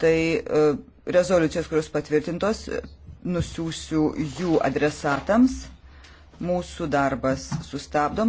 tai e, rezoliucijos, kurios patvirtintos, nusiųsiu jų adresatams. Mūsų darbas sustabdom.